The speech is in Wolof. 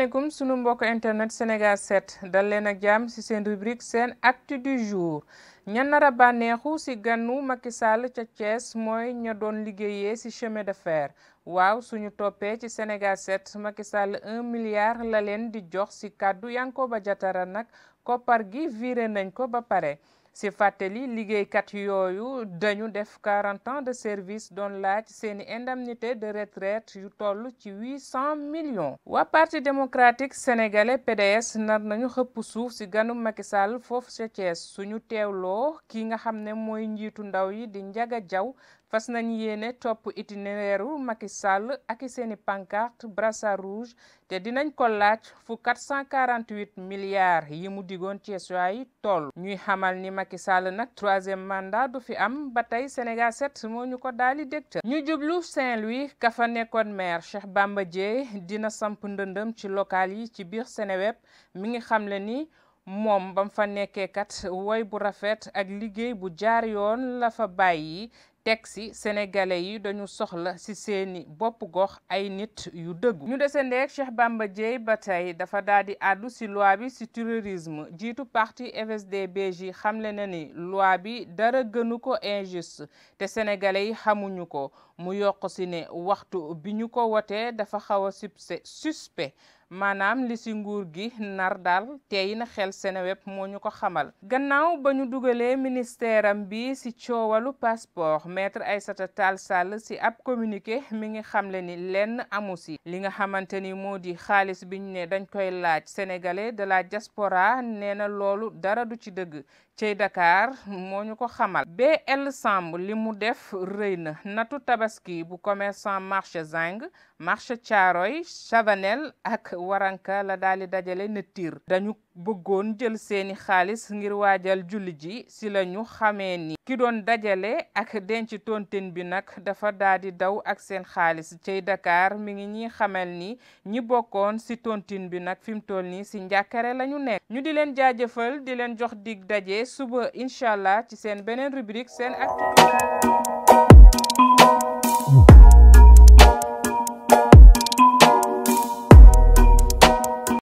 asalaamaaleykum sunu mbokk internet Sénégal 7 dal leen ak jàmm ci seen rubrique seen acte du jour ña nar a bànneexu ci ganu Macky Sall ca Thiès mooy ña doon liggéeyee ci chemin de fer waaw suñu toppee ci Sénégal 7 Macky Sall 1 milliard la leen di jox ci kàddu Yankoba Diattara nag koppar gi viré nañ ko ba pare. si fàttali liggéeykat yooyu dañu def 40 ans de service doon laaj seeni indemnité de retraite yu toll ci 800 millions waa parti démocratique sénégalais PDS nar nañu xëpp suuf si ganu Macky foofu ca Thiès suñu teewloo ki nga xam ne mooy njiitu ndaw yi di Ndiaga Diaw fas nañ yéene topp itinéraire u Macky Sall ak seeni pancarte brassard rouge te dinañ ko laaj fu 448 milliards yi mu digoon Thiessois yi toll ñuy xamal ni Macky Sall nag troisième mandat du fi am ba tey Sénégal 7 moo ñu ko daali dégtal ñu jublu Saint-Louis ka fa nekkoon maire Cheikh Bamba dina samp ndëndëm ci local yi ci biir Seneweb mi ngi xamle ni moom bam fa nekkee kat woy bu rafet ak liggéey bu jaar yoon la fa teg si sénégalais yi dañu soxla si seeni bopp gox ay nit yu dëggu ñu desendeeg Cheikh Bamba Dièye ba tey dafa daal di àddu si loi bi si terrorisme jiitu parti FSD/BJ xamle na ni loi bi dara gënu ko injuste te sénégalais yi xamuñu ko mu yokk si ne waxtu bi ñu ko wotee dafa xaw a suspect maanaam li si nguur gi nar daal tey na xel Seneweb moo ñu ko xamal gannaaw ba ñu dugalee ministère bi si coowalu passeport maître Aïssata Tall Sall si ab communiqué mi ngi xamle ni lenn amu si li nga xamante ni moo di xaalis bi ñu ne dañ koy laaj sénégalais de jaspora diaspora nee na loolu dara du ci dëgg cey Dakar moo ñu ko xamal BL Samb li mu def rëy na natu tabaski tabaski bu commerçant marché Zing marché Thiaroye Chavanel ak Waranka la daal di dajale nëttiir dañu bëggoon jël seeni xaalis ngir waajal julli ji si lañu xamee ni ki doon dajale ak denc tontin bi nag dafa daal di daw ak seen xaalis cey Dakar mi ngi ñi xamal ni ñi bokkoon si tontin bi nag fi mu toll nii si njàkkare lañu ñu nekk ñu di leen jaajëfal di leen jox dig daje suba incha allah ci seen beneen rubrique SENactu